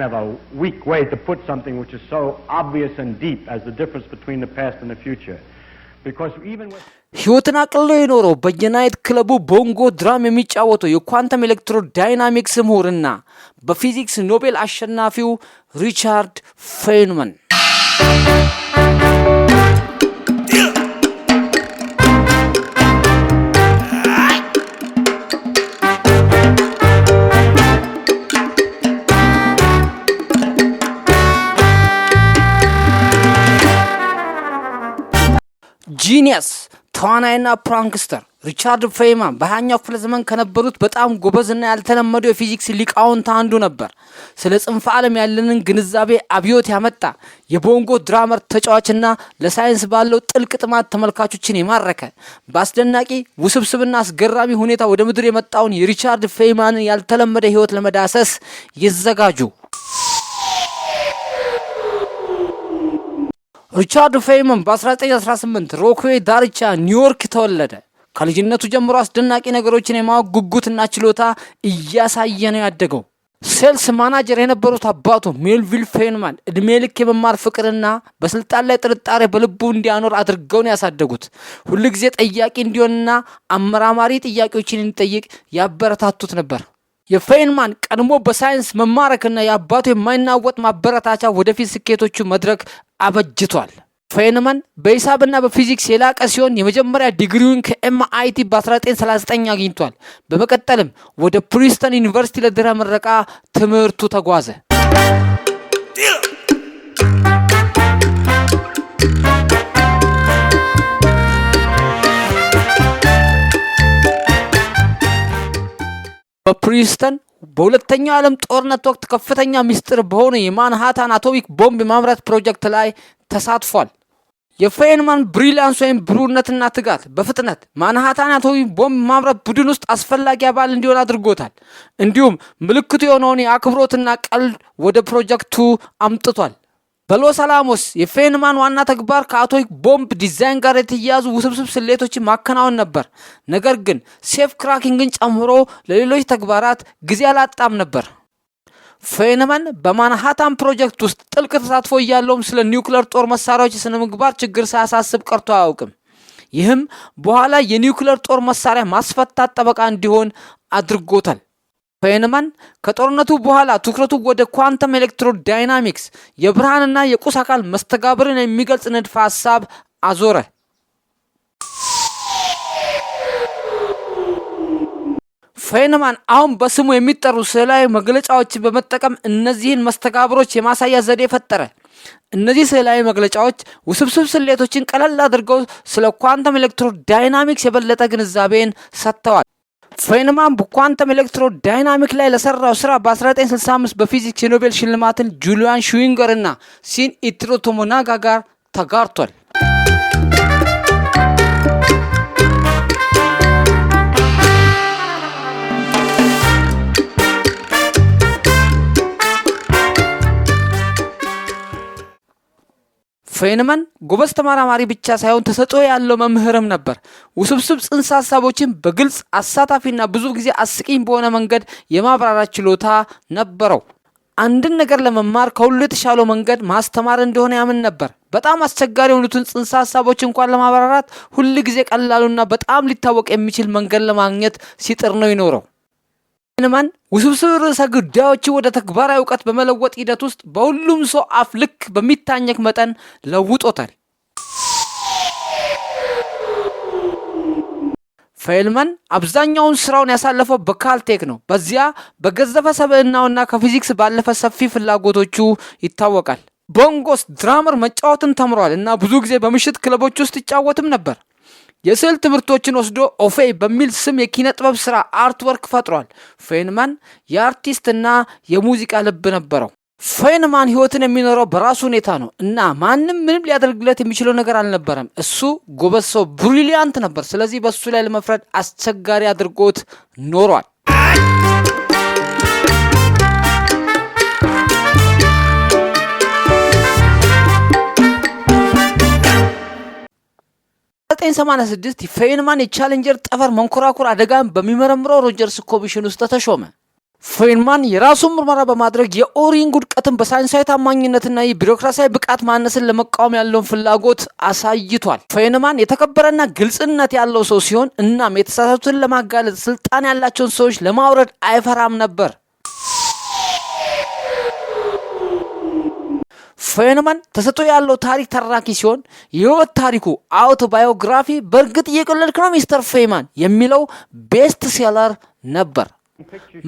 kind of a weak way to put something which is so obvious and deep as the difference between the past and the future. ህይወትን አቅሎ የኖረው በየናይት ክለቡ ቦንጎ ድራም የሚጫወተው የኳንተም ኤሌክትሮ ዳይናሚክስ ምሁርና በፊዚክስ ኖቤል አሸናፊው ሪቻርድ ፌንመን ጂኒየስ ተዋናይና ፕራንክስተር ሪቻርድ ፌይማን በሀያኛው ክፍለ ዘመን ከነበሩት በጣም ጎበዝና ያልተለመዱ የፊዚክስ ሊቃውንት አንዱ ነበር። ስለ ጽንፈ ዓለም ያለንን ግንዛቤ አብዮት ያመጣ የቦንጎ ድራመር ተጫዋችና ለሳይንስ ባለው ጥልቅ ጥማት ተመልካቾችን የማረከ በአስደናቂ ውስብስብና አስገራሚ ሁኔታ ወደ ምድር የመጣውን የሪቻርድ ፌይማንን ያልተለመደ ሕይወት ለመዳሰስ ይዘጋጁ። ሪቻርድ ፌይመን በ1918 ሮክዌ ዳርቻ ኒውዮርክ ተወለደ። ከልጅነቱ ጀምሮ አስደናቂ ነገሮችን የማወቅ ጉጉትና ችሎታ እያሳየ ነው ያደገው። ሴልስ ማናጀር የነበሩት አባቱ ሜልቪል ፌንማን እድሜ ልክ የመማር ፍቅርና በስልጣን ላይ ጥርጣሬ በልቡ እንዲያኖር አድርገው ነው ያሳደጉት፣ ሁልጊዜ ጠያቂ እንዲሆንና አመራማሪ ጥያቄዎችን እንዲጠይቅ ያበረታቱት ነበር። የፌንማን ቀድሞ በሳይንስ መማረክና የአባቱ የማይናወጥ ማበረታቻ ወደፊት ስኬቶቹ መድረክ አበጅቷል። ፌንማን በሂሳብና በፊዚክስ የላቀ ሲሆን የመጀመሪያ ዲግሪውን ከኤምአይቲ በ1939 አግኝቷል። በመቀጠልም ወደ ፕሪስተን ዩኒቨርሲቲ ለድረ ምረቃ ትምህርቱ ተጓዘ። በፕሪስተን በሁለተኛው ዓለም ጦርነት ወቅት ከፍተኛ ምስጢር በሆነ የማንሃታን አቶሚክ ቦምብ የማምረት ፕሮጀክት ላይ ተሳትፏል። የፌንማን ብሪሊያንስ ወይም ብሩህነትና ትጋት በፍጥነት ማንሃታን አቶሚክ ቦምብ ማምረት ቡድን ውስጥ አስፈላጊ አባል እንዲሆን አድርጎታል። እንዲሁም ምልክቱ የሆነውን የአክብሮትና ቀልድ ወደ ፕሮጀክቱ አምጥቷል። በሎስ አላሞስ የፌንማን ዋና ተግባር ከአቶሚክ ቦምብ ዲዛይን ጋር የተያያዙ ውስብስብ ስሌቶችን ማከናወን ነበር። ነገር ግን ሴፍ ክራኪንግን ጨምሮ ለሌሎች ተግባራት ጊዜ አላጣም ነበር። ፌንማን በማንሃታን ፕሮጀክት ውስጥ ጥልቅ ተሳትፎ እያለውም ስለ ኒውክለር ጦር መሳሪያዎች የሥነ ምግባር ችግር ሳያሳስብ ቀርቶ አያውቅም። ይህም በኋላ የኒውክለር ጦር መሳሪያ ማስፈታት ጠበቃ እንዲሆን አድርጎታል። ፈይንማን ከጦርነቱ በኋላ ትኩረቱ ወደ ኳንተም ኤሌክትሮ ኤሌክትሮዳይናሚክስ የብርሃንና የቁስ አካል መስተጋብርን የሚገልጽ ንድፈ ሀሳብ አዞረ። ፌንማን አሁን በስሙ የሚጠሩ ስዕላዊ መግለጫዎችን በመጠቀም እነዚህን መስተጋብሮች የማሳያ ዘዴ ፈጠረ። እነዚህ ስዕላዊ መግለጫዎች ውስብስብ ስሌቶችን ቀለል አድርገው ስለ ኳንተም ዳይናሚክስ የበለጠ ግንዛቤን ሰጥተዋል። ፌንማን በኳንተም ዳይናሚክ ላይ ለሰራው ስራ በ1965 በፊዚክስ የኖቤል ሽልማትን ጁሊያን ሽዊንገር እና ሲን ኢትሮ ቶሞናጋ ጋር ተጋርቷል። ፌንመን ጎበዝ ተመራማሪ ብቻ ሳይሆን ተሰጥኦ ያለው መምህርም ነበር። ውስብስብ ጽንሰ ሀሳቦችን በግልጽ አሳታፊና ብዙ ጊዜ አስቂኝ በሆነ መንገድ የማብራራት ችሎታ ነበረው። አንድን ነገር ለመማር ከሁሉ የተሻለው መንገድ ማስተማር እንደሆነ ያምን ነበር። በጣም አስቸጋሪ የሆኑትን ጽንሰ ሀሳቦች እንኳን ለማብራራት ሁል ጊዜ ቀላሉና በጣም ሊታወቅ የሚችል መንገድ ለማግኘት ሲጥር ነው ይኖረው። ንማን ውስብስብ ርዕሰ ጉዳዮችን ወደ ተግባራዊ እውቀት በመለወጥ ሂደት ውስጥ በሁሉም ሰው አፍ ልክ በሚታኘክ መጠን ለውጦታል። ፌልማን አብዛኛውን ስራውን ያሳለፈው በካልቴክ ነው። በዚያ በገዘፈ ሰብዕናውና ከፊዚክስ ባለፈ ሰፊ ፍላጎቶቹ ይታወቃል። ቦንጎስ ድራመር መጫወትን ተምሯል እና ብዙ ጊዜ በምሽት ክለቦች ውስጥ ይጫወትም ነበር። የስዕል ትምህርቶችን ወስዶ ኦፌ በሚል ስም የኪነ ጥበብ ስራ አርትወርክ ፈጥሯል። ፌንማን የአርቲስትና የሙዚቃ ልብ ነበረው። ፌንማን ህይወትን የሚኖረው በራሱ ሁኔታ ነው እና ማንም ምንም ሊያደርግለት የሚችለው ነገር አልነበረም። እሱ ጎበዝ ሰው ብሪሊያንት ነበር። ስለዚህ በሱ ላይ ለመፍረድ አስቸጋሪ አድርጎት ኖሯል። በ1986 ፌንማን የቻሌንጀር ጠፈር መንኮራኩር አደጋን በሚመረምረው ሮጀርስ ኮሚሽን ውስጥ ተሾመ። ፌንማን የራሱን ምርመራ በማድረግ የኦሪንግ ውድቀትን በሳይንሳዊ ታማኝነትና የቢሮክራሲያዊ ብቃት ማነስን ለመቃወም ያለውን ፍላጎት አሳይቷል። ፌንማን የተከበረና ግልጽነት ያለው ሰው ሲሆን እናም የተሳሳቱትን ለማጋለጥ ስልጣን ያላቸውን ሰዎች ለማውረድ አይፈራም ነበር። ፌኖመን ተሰጥቶ ያለው ታሪክ ተራኪ ሲሆን የህይወት ታሪኩ አውቶ ባዮግራፊ በእርግጥ እየቀለድክ ነው ሚስተር ፌማን የሚለው ቤስት ሴለር ነበር።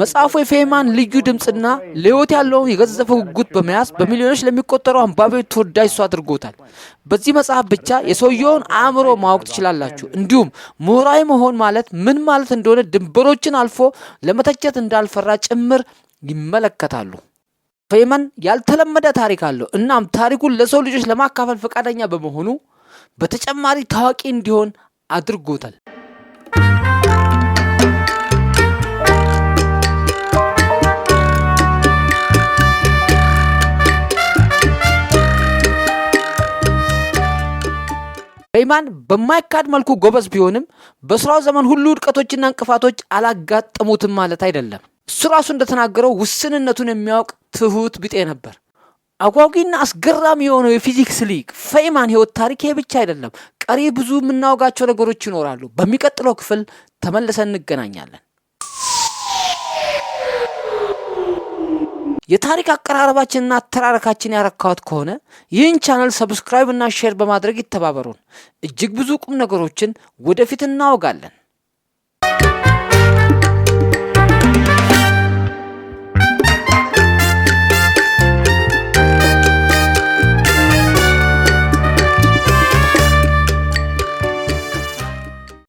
መጽሐፉ የፌማን ልዩ ድምፅና ለህይወት ያለውን የገዘፈ ጉጉት በመያዝ በሚሊዮኖች ለሚቆጠሩ አንባቢዎች ተወዳጅ ሰው አድርጎታል። በዚህ መጽሐፍ ብቻ የሰውየውን አእምሮ ማወቅ ትችላላችሁ። እንዲሁም ምሁራዊ መሆን ማለት ምን ማለት እንደሆነ ድንበሮችን አልፎ ለመተቸት እንዳልፈራ ጭምር ይመለከታሉ። ፈይማን ያልተለመደ ታሪክ አለው። እናም ታሪኩን ለሰው ልጆች ለማካፈል ፈቃደኛ በመሆኑ በተጨማሪ ታዋቂ እንዲሆን አድርጎታል። ፈይማን በማይካድ መልኩ ጎበዝ ቢሆንም በስራው ዘመን ሁሉ ውድቀቶችና እንቅፋቶች አላጋጠሙትም ማለት አይደለም። እሱ ራሱ እንደተናገረው ውስንነቱን የሚያውቅ ትሁት ብጤ ነበር። አጓጊና አስገራሚ የሆነው የፊዚክስ ሊቅ ፈይማን ህይወት ታሪክ ይሄ ብቻ አይደለም። ቀሪ ብዙ የምናወጋቸው ነገሮች ይኖራሉ። በሚቀጥለው ክፍል ተመልሰን እንገናኛለን። የታሪክ አቀራረባችንና አተራረካችን ያረካሁት ከሆነ ይህን ቻናል ሰብስክራይብ እና ሼር በማድረግ ይተባበሩን። እጅግ ብዙ ቁም ነገሮችን ወደፊት እናወጋለን።